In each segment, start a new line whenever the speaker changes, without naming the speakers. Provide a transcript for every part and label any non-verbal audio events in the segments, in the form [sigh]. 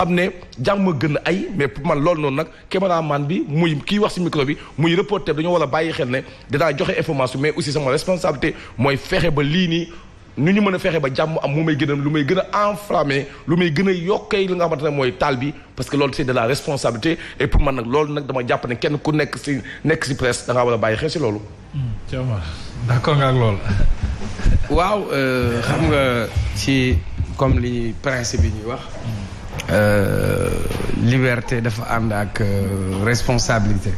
xam ne jàmm gën ay mais pour man loolu noonu nag caméraman bi muy kii wax si micro bi muy reporter bi dañoo war a bàyyi xel ne dinaa joxe information mais aussi sama responsabilité mooy fexe ba lii nii ñu ñu mën a fexe ba jàmm am mu may gën a lu may gën a enflammé lu may gën a yokkee li nga xamante ne mooy taal bi parce que loolu c'est de la responsabilité et pour man nag loolu nag dama jàpp ne kenn ku nekk si nekk si presse da a bàyyi xel si loolu. d'accord nga ak loolu. Euh, li principe yi ñuy wax. Euh, liberté dafa ànd ak euh, responsabilité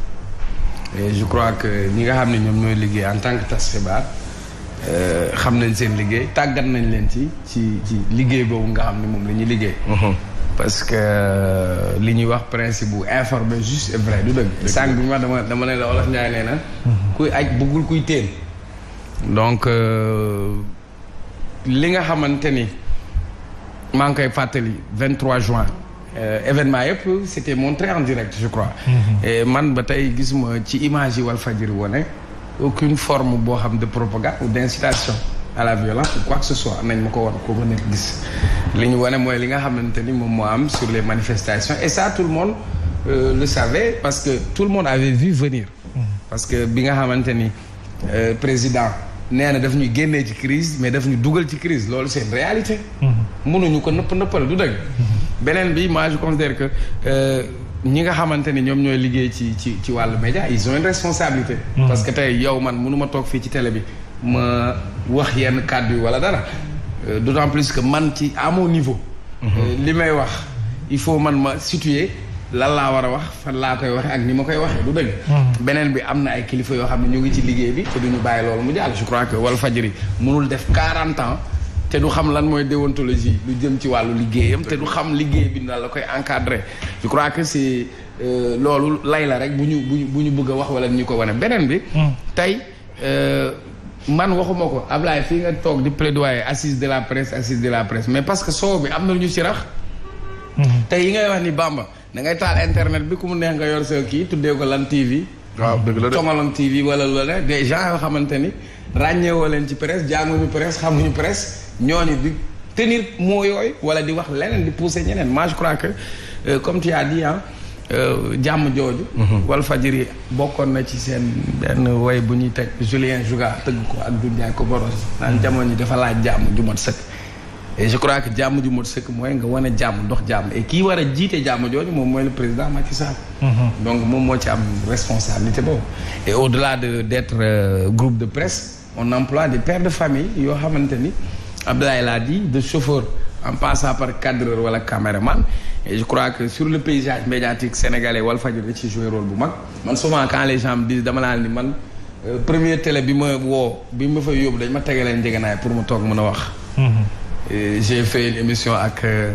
et je crois que ñi nga xam ne ñoom ñooy liggéey en tant que tas xibaar euh, xam nañ seen liggéey tàggat nañ leen ci ci ci liggéey boobu nga xam ne moom la ñuy liggéey mhm. parce que li ñuy wax principe bu informer juste et vrai du dëgg sànq bi ma dama dama ne la Wolof Njaay nee na mhm. kuy aj bëggul kuy téen donc li nga xamante ni maa ngi koy fàttali 23 juin euh, événement yëpp c'était montré en direct je crois. Mhm. et man ba tey gisuma ci image yi Walfadjri wone aucune forme boo xam de propagande ou d'incitation à la violence ou quoi que ce soit nañ ma ko war ko ko nekk gis li ñu wane mooy li nga xamante ni moom moo am sur les manifestations et ça tout le monde euh, le savait parce que tout le monde avait vu venir mhm. parce que bi nga xamante ni euh, président nee na daf ñu génnee ci crise mais daf ñu dugal ci crise loolu c'est réalité mhm. mënuñu ko nëpp nëppal du dëgg mhm. beneen bi moi je considère que euh, ñi nga xamante ni ñoom ñooy liggéey ci ci ci wàllu média ils ont une responsabilité mhm. parce que tey yow man mënu toog fii ci télé bi ma wax yenn kàddu yi wala dara euh, d'autant plus que man ci à niveau euh, li may wax il faut man ma situer lan laa war a wax fan laa koy waxee ak ni ma koy waxee lu dëgg hmm. beneen bi am na ay kilifa yoo xam ne ñu ngi ci liggéey bi te duñu bàyyi loolu mu jàll je crois que wal fajiri mënul def 40 ans te du xam lan mooy déontologie lu jëm ci wàllu liggéeyam te du xam liggéey bi nan la koy encadrer je crois que si euh, loolu lay la rek bu ñu bu ñu bu ñu bëgg a wax wala ñu ko wane beneen bi hmm. tey euh, man waxuma ko Ablaye fii nga toog di plaidoyer assise de la presse assise de la presse mais parce que soo bi am na ñu ci rax hmm. te yi ngay wax ni Bamba da ngay taal internet bi ku mu neex nga yor sa kii tuddee ko lan TV. waaw dëgg la de Tongalam TV wala loola des yoo xamante ni ràññeewoo leen ci presse jànguñu presse xamuñu presse ñooñu te tenir moo yooyu wala di wax leneen di pousser ñeneen moi je crois que euh, comme tu as dit euh, jàmm jooju. Mhm. Walfadjri bokkoon na ci seen benn way bu ñuy teg Julien Jouga tëgg ko ak Doudou Ndiaye ko boros naan jamono ji dafa laa jàmm ju mat sëkk. je crois que jàmm ju mot sëkk mooy nga wane jàmm ndox jàmm et kii war a jiite jàmm jooju moom mooy le président Macky Sall. Mm-hmm. donc moom moo ci am responsabilité boobu. au-delà de d'être euh, groupe de presse on emploie des pères de famille yoo xamante ni Abdoulaye l'a dit de chauffeur en passant par cadreur wala caméraman et je crois que sur le paysage médiatique sénégalais Walfadjri da ci joué rôle bu mag. man souvent quand les gens me disent dama naan ni man euh, première bi ma woo ma fa yóbbu dañ ma tegaleen njëganaay pour ma toog mën a wax. Mm-hmm. j'ai fait une émission ak euh,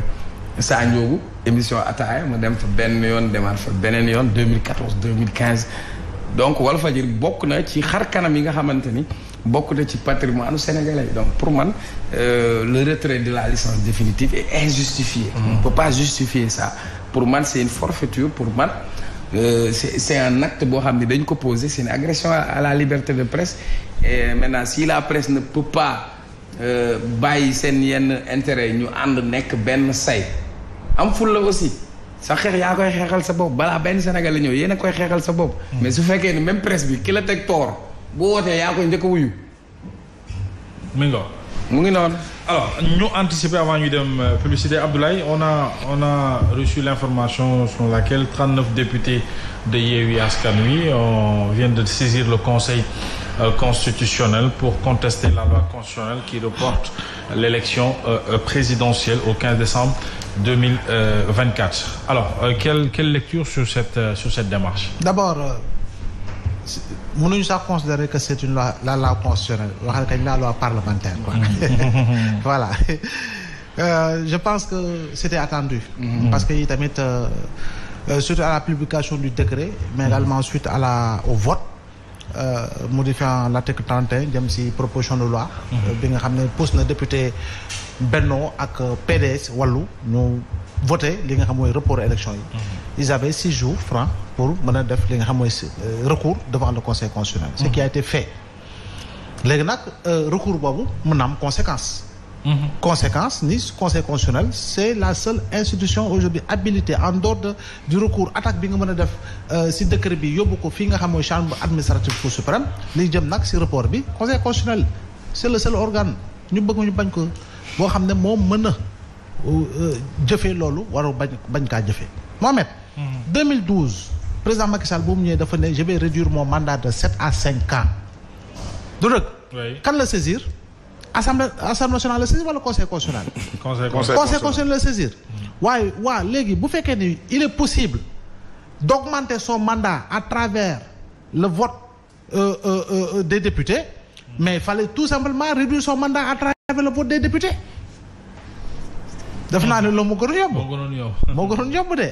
Sa Ndiogou émission ataaya ma dem fa benn yoon demaat fa beneen yoon 2014 2015 donc Walfadjri bokk na ci xar kanam yi nga xamante ni bokk na ci patrimoine sénégalais donc pour man euh, le retrait de la licence définitive est injustifié mmh. on peut justifier ça pour man c'est une forfaiture pour man euh, c'est c'est un acte boo xam ne dañ ko posé c'est une agression à, la liberté de presse et maintenant si la presse ne peut Euh, bàyyi seen yenn intérêt ñu ànd nekk benn say am ful la aussi sa xeex yaa koy xeexal sa bopp balaa benn Sénégalais ñëw yéen a koy xeexal sa bopp. Hmm. mais su fekkee ne même presse bi kila teg toor boo wootee yaa koy njëkk a wuyu. mi ngi mu ngi noonu. alors ñu anticiper avant ñuy dem euh, publicité Abdoulaye on a on a
reçu l'information selon laquelle 39 députés de Yewwi Askan Wi on vient de saisir le conseil. Euh, constitutionnel pour contester la loi constitutionnelle qui reporte l'élection euh, euh, présidentielle au 15 décembre 2024. Alors, quelle, quelle lecture sur cette, sur cette démarche D'abord, mënuñu sax considérer que c'est une loi la loi constitutionnelle waxal kañ la loi parlementaire quoi [laughs] voilà euh, pense que c'était attendu mhm. parce que tamit euh, à la publication du mais mhm. également suite à au vote Euh, modifiant l'article 31 jëm si proposition de loi mhm. bi nga xam ne pousse na député Benno ak PDS wàllu ñu voté li nga xam mooy report élection yi mhm. ils avaient six jours francs pour mën a def li nga xam mooy euh, recours devant le conseil constitutionnel ce qui mhm. a été fait léegi nag euh, recours boobu mën na am conséquence Mm-hmm. conséquence ni conseil constitutionnel c'est la seule institution aujourd'hui habilitée en dehors de du recours attaque bi nga mën a def euh, si décret bi yóbbu ko fii nga xam mooy chambre administrative Cour suprême li jëm nag si report bi conseil constitutionnel c'est le seul organe ñu bëgg ñu bañ ko boo xam ne moom mën na euh, euh, jëfe loolu waru bañ bañ kaa jëfee Mohamed 2012 mm-hmm. président Macky Sall boobu ñëwee dafa ne je vais réduire mon mandat de sept à cinq ans du dëgg kan la saisir assemblée assemblée nationale la saisir wala conseil constitutionnel. [laughs] conseil conseil la saisir. waaye waa léegi bu fekkee ni il est possible d'augmenter son mandat à travers le vote euh, euh, euh, euh des députés mais fale fallait tout simplement réduire son mandat à travers le vote des députés. def naa ne loolu moo gënoon yomb. moo gënoon yomb [laughs] moo gënoon yomb de.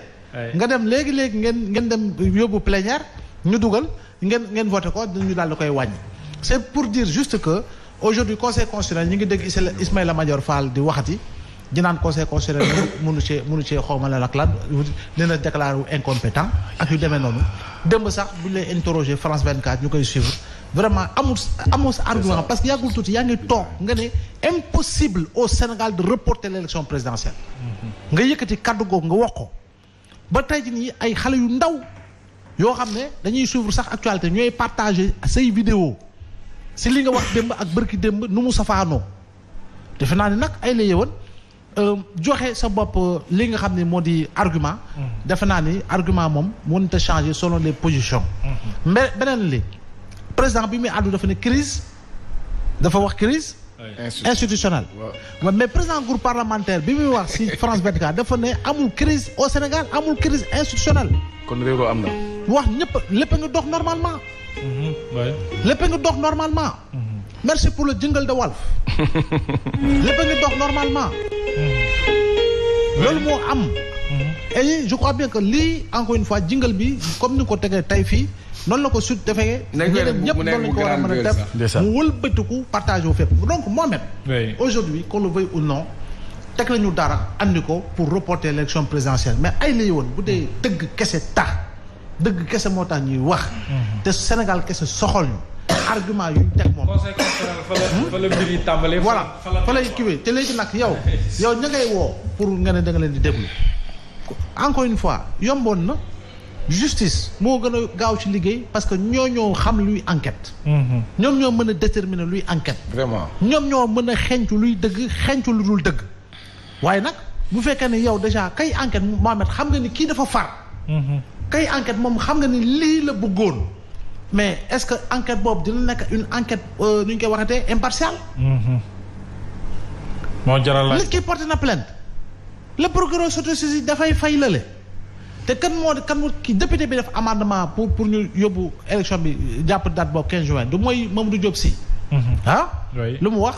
nga dem léegi léegi ngeen ngeen dem yóbbu plénière ñu dugal ngeen ngeen voté ko daal di koy wàññi. c'est pour dire juste que. aujourd'hui conseil constitutionnel ñu ngi dégg Ismaïla Madior Fall di waxati di naan conseil constitutionnel [coughs] mënu cee mënu cee xawma la ak lan nee na wu incompétent ak yu demee noonu démb sax bu ñu lay interroger France 24 ñu koy suivre vraiment amul amul sa argument parce que yàggul tuuti yaa ngi toog nga ne impossible au Sénégal de reporter l'élection présidentielle nga yëkkati kàddu googu nga wax ko ba tey jii nii ay xale yu ndaw yoo xam ne dañuy suivre sax actualité ñooy partager say vidéo si li nga wax démb ak bërki démb nu mu safaanoo defe naa ni nag ay la yewoon euh, joxe sa bopp euh, li nga xam ne moo di argument mm-hmm. defe naa ni argument moom mënut a changer selon les positions mm-hmm. mais beneen li président bi muy àddu dafa ne crise dafa wax crise institutionnelle mais président groupe parlementaire bi muy wax si France 24 dafa ne amul crise au Sénégal amul crise institutionnelle kon réeroo am na wax ñëpp lépp a ngi dox normalement. Mhm, lépp a ngi dox normalement. Mhm. merci pour le jingle de Walf. [laughs] lépp a ngi dox normalement. Mhm. loolu moo am. et je crois bien que lii encore une fois jingle bi comme ni ko tegee tey fii noonu la ko sut defee. ñeneen ñëpp noonu la ko war a mën def mu wëlbatiku partagé wu fépp donc Mohamed. oui aujourd'hui qu'on le veuille ou non. teg nañu dara andi ko pour reporter l'élection présidentielle mais ay lay woon bu dee tëgg kese tax. dëgg kese moo tax ñuy wax. te Sénégal kese soxol ñu. argument yu teg moom.
conseil fa la voilà
fa la kiwee te léegi nag yow. [laughs] yow ña ngay woo pour nga ne da leen di déglu. encore une fois yomboon na justice moo gën a gaaw ci liggéey parce que ñoo ñoo xam luy enquête. Mhm. ñoom ñoo mën a déterminer luy enquête. vraiment ñoom ñoo mën a xencu luy dëgg xencu lu dul dëgg. waaye nag bu fekkee ne yow déjà kay enquête Mohamed xam nga ni kii dafa far. Mhm. kay enquête moom xam nga ni lii la bëggoon mais est-ce que enquête boobu dina nekk une enquête euh, nu ñu koy waxatee impartiale. Mm-hmm. moo jaral la nit ki porté na plainte le procureur s'autosaisi dafay fay lale te kan moo kan moo ki député bi def amendement pour pour ñu yóbbu élection bi jàpp date boobu 15 juin du mooy Mamadou Diop si. Mm-hmm. ah. lu mu wax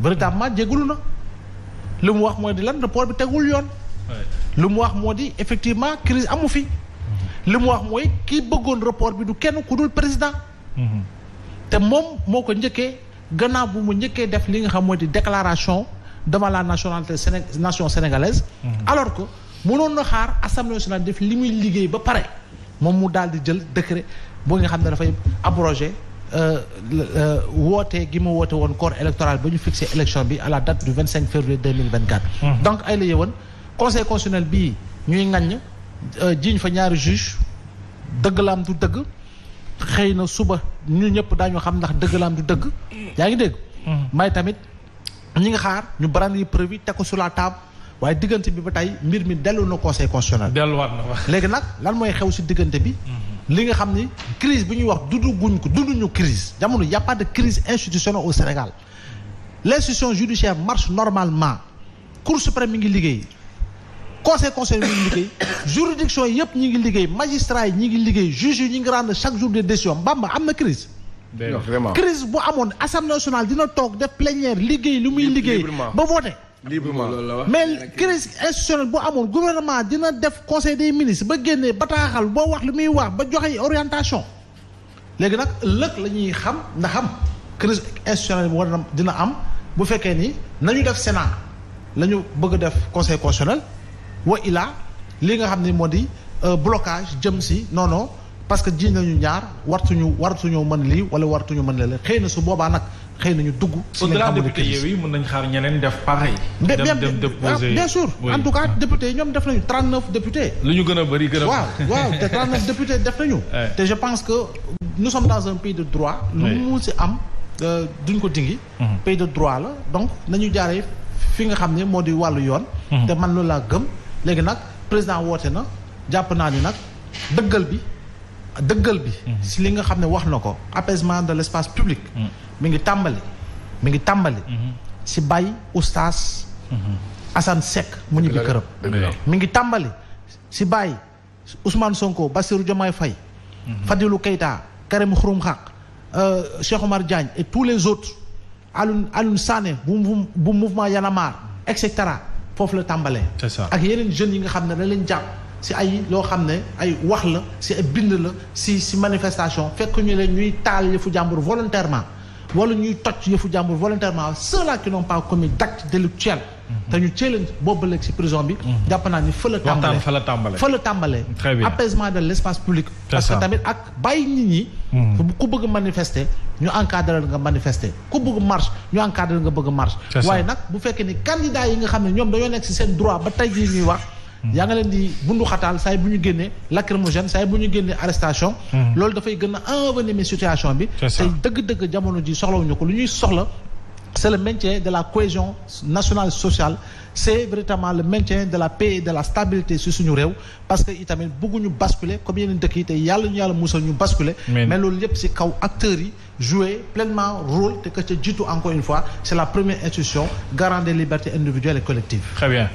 véritablement jégalu na. lu mu wax mooy di lan rapport bi tegul yoon. lu mu wax moo di effectivement crise amu fi li mu wax mooy ki bëggoon report bi du kenn ku dul président te moom moo ko njëkkee gannaaw bu mu njëkkee def li nga xam moo di déclaration dama la nationalité séné nation sénégalaise alors que mënoon na xaar assemblée nationale def li muy liggéey ba pare moom mu daal di jël décret boo nga xam ne dafay abroger euh, euh, woote gi mu woote woon corps électoral ba ñu fixé élection bi à la date du 25 février 2024 mmh. donc ay la yëwoon conseil constitutionnel bii ñuy ŋaññ euh, jiiñ fa ñaari juge dëgg la am du dëgg xëy na suba ñu ñëpp daañu xam ndax dëgg la du dëgg yaa ngi dégg hmm. may tamit ñi nga xaar ñu brandir preuve yi teg ko sur la table waaye diggante bi ba tey mbir mi dellu na conseil constitutionnel delluwaat na wax léegi nag lan mooy xew si diggante bi hmm. li nga xam ni crise bi ñuy wax du guñ ko dunduñu crise jamono y a pas de crise institutionnelle au Sénégal l'institution judiciaire marche normalement cour suprême mi ngi liggéey conseil conseil ñu ngi liggéey [coughs] juridiction yëpp ñu ngi liggéey magistrats yi ñi ngi liggéey juges yi ñu ngi rendre chaque jour des décisions Bamba am na crise
vraiment crise
bu amoon assemblée nationale dina toog def plénière liggéey lu muy liggéey ba voté
librement mais
crise institutionnelle bu amoon gouvernement dina def conseil des ministres ba génnee bataaxal boo wax lu muy wax ba joxe orientation léegi nag ëllëg la ñuy xam na xam crise institutionnelle war na dina am bu fekkee ni nañu def Sénat la bëgg def conseil wo ilaa li nga xam ne moo di euh, blocage jëm si non non parce que ji nañu ñaar wartuñu wartuñu mën lii wala ñu mën la xëy na su boobaa nag xëy na ñu dugg. si lañ xamul que nañ xaar ñeneen def pareil. dem dem déposer député lu ñu gën a bëri gën a. waaw waaw te 39 [laughs] députés def nañu. te je pense que nous sommes dans de droit. lu mu si am euh, duñ ko dingi. Mhm. pays de droit la donc nañu jaaree fi nga xam ni moo di wàllu yoon. Mhm. te man loolu laa gëm. léegi nag président woote na jàpp naa ni nag dëggal bi dëggal bi mhm. si li nga xam ne wax na ko apaisement de l' espace public mhm. mi ngi tàmbali mi ngi tàmbali mhm. si bay oustaz Assane Seck mu ngi tàmbali si bàyyi Ousmane Sonko Bassirou Diomaye fay Fadilou Keita Karim Xurum Xaq euh, Cheikh Omar Diagne et tous les autres Alioune Alioune bu mouvement Yanamar et cetera foofu la tàmbalee. c'est ak yeneen jeunes yi nga xam ne da leen jàpp si ay loo xam ne ay wax la si ay bind la si si manifestation fekk ñu leen ñuy taal yëfu jàmbur volontairement wala ñuy toj yëfu jàmbur volontairement ceux-là qui n'ont pas commis d'acte délictuel te ñu challenge boobu léegi si prison bi. Mhm. jàpp naa ni fa la tàmbalee fa la tàmbalee. apaisement de l' espace public. parce que tamit ak bàyyi nit ñi. Mhm. ku bëgg manifester ñu encadré nga manifester ku bëgg marche ñu encadré nga bëgg marche. waaye nag bu fekkee ni candidat yi nga xam ne ñoom dañoo nekk si seen droit ba tey jii ñuy wax. Mhm. yaa nga leen di bundu xataal saa yi bu ñu génnee lacrymogène saa yi bu ñu génnee arrestation loolu dafay gën a envenimer situation bi tey dëgg jamono ji soxlawuñu ko lu ñuy soxla c'est le maintien de la cohésion nationale sociale c'est véritablement le maintien de la paix et de la stabilité si suñu réew parce que itamit bëgguñu basculer comme yeneen dëkk yi te yàlla ñu yàlla musal ñu basculer mais loolu yépp ci kaw acteurs yi jouer pleinement rôle te que ca jiitu encore une fois c'est la première institution garant des libertés individuelles et collectives très bien